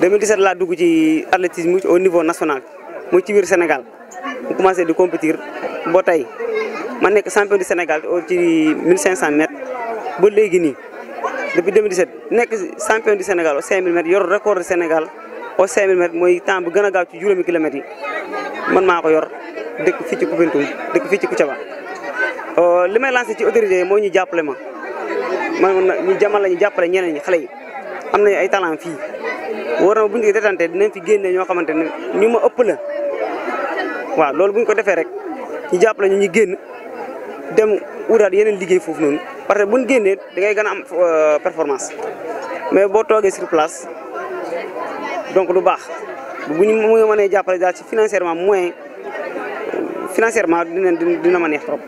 2017 laa dugg ci athlétisme au niveau national muy ci biir Sénégal mu commencé di compétir boo tey ma nekk champion du Sénégal ci 1500 mètres ba léegi nii depuis 2017 nekk champion du Sénégal au 5000 yor record du Sénégal au 5000 mètres mooy temps bu gën a gaaw ci juróomi kilomètres yi man maa ko yor dëkk fii ci Koupentoum dëkk fii ci Koutiaba euh, li may lancé ci autorité yi moo ñu jàppale ma man ñu jamal la ñu jàppale ñeneen ñi xale yi am nañu ay talent fii war na bu ñu detante dinañ fi génne ñoo xamante ne ñu ma ëpp la waaw loolu bu ñu ko defee rek ñi jàppale ñu ñu génn dem wutaat yeneen liggéey foofu noonu parce que bu ñu génnee da ngay gën a am euh, performance mais boo toogee sur place donc du baax bu ñu mu mënee jàppale daal ci financièrement mooy financièrement dina dina ma neex trop.